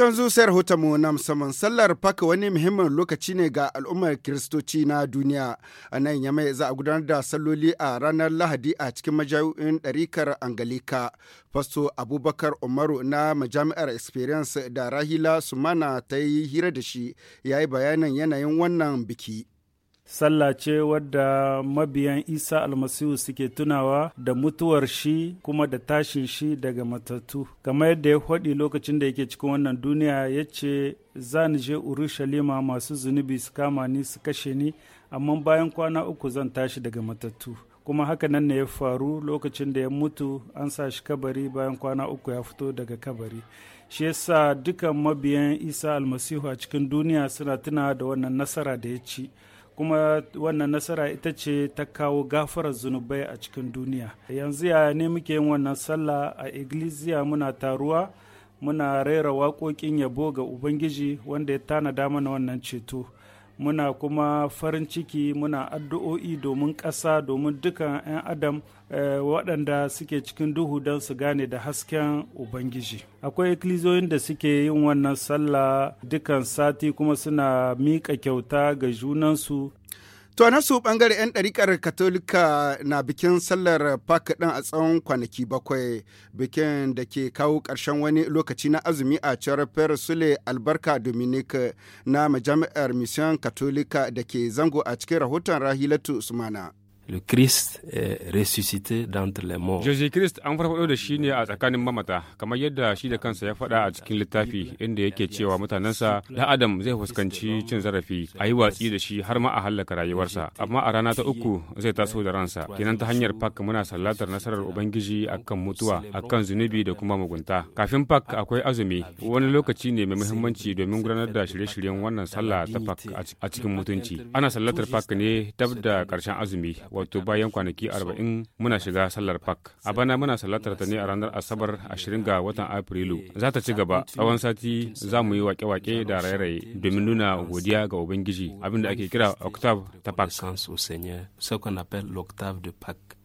Ton zusar mu na musamman sallar faka wani muhimmin lokaci ne ga al'ummar kiristoci na duniya. A nan yamai za a gudanar da salloli a ranar Lahadi a cikin majami'in ɗarikar Angalika. Fasto Abubakar Umaru na majami'ar Experience da Rahila Sumana ta yi hira da shi ya yi bayanin yanayin wannan biki. sallah ce wadda mabiyan isa almasihu suke tunawa da mutuwar shi kuma da tashin shi daga matattu kamar yadda ya faɗi lokacin da yake cikin wannan duniya ya ce zan je urushalima masu zunubi su kama ni su kashe ni amma bayan kwana uku zan tashi daga matattu kuma haka nan ne ya faru lokacin da ya mutu an sa shi kabari bayan kwana uku ya fito daga kabari shi yasa dukan mabiyan isa almasihu a cikin duniya suna tunawa da wannan nasara da ya ci kuma wannan nasara ita ce ta kawo gafarar zunubai a cikin duniya yanzu ya ne muke yin wannan sallah a iglesia muna taruwa muna raira waƙoƙin yabo ga ubangiji wanda ya tanada mana wannan ceto muna kuma farin ciki muna addu'o'i domin ƙasa domin dukan 'yan adam eh, waɗanda suke cikin duhu don su gane da hasken ubangiji akwai ikilizoyin da suke yin wannan sallah dukan sati kuma suna mika kyauta ga junansu To nan su bangare 'yan ɗariƙar Katolika na bikin sallar Pak ɗin a tsawon kwanaki bakwai bikin da ke kawo ƙarshen wani lokaci na azumi a Charper Sule Albarka Dominic na majami'ar Mission Katolika da ke zango a cikin rahoton Rahilatu Usmana. le Christ est ressuscité d'entre les morts. Jésus Christ an farfado da shi ne a tsakanin mamata, kamar yadda shi da kansa ya faɗa a cikin littafi inda yake cewa mutanensa da Adam zai fuskanci cin zarafi, a yi watsi da shi har ma a hallaka rayuwarsa, amma a rana ta uku zai taso da ransa. Kenan ta hanyar Pak muna sallatar nasarar Ubangiji akan mutuwa, akan zunubi da kuma mugunta. Kafin Pak akwai azumi, wani lokaci ne mai mahimmanci domin gudanar da shirye-shiryen wannan sallah ta Pak a cikin mutunci. Ana sallatar Pak ne dab da karshen azumi, wato bayan kwanaki arba'in muna shiga sallar pak a bana muna sallatar ta ne a ranar asabar ashirin ga watan afrilu za ta ci gaba tsawon sati za mu yi wake-wake da raye-raye domin nuna godiya ga ubangiji da ake kira octave ta pak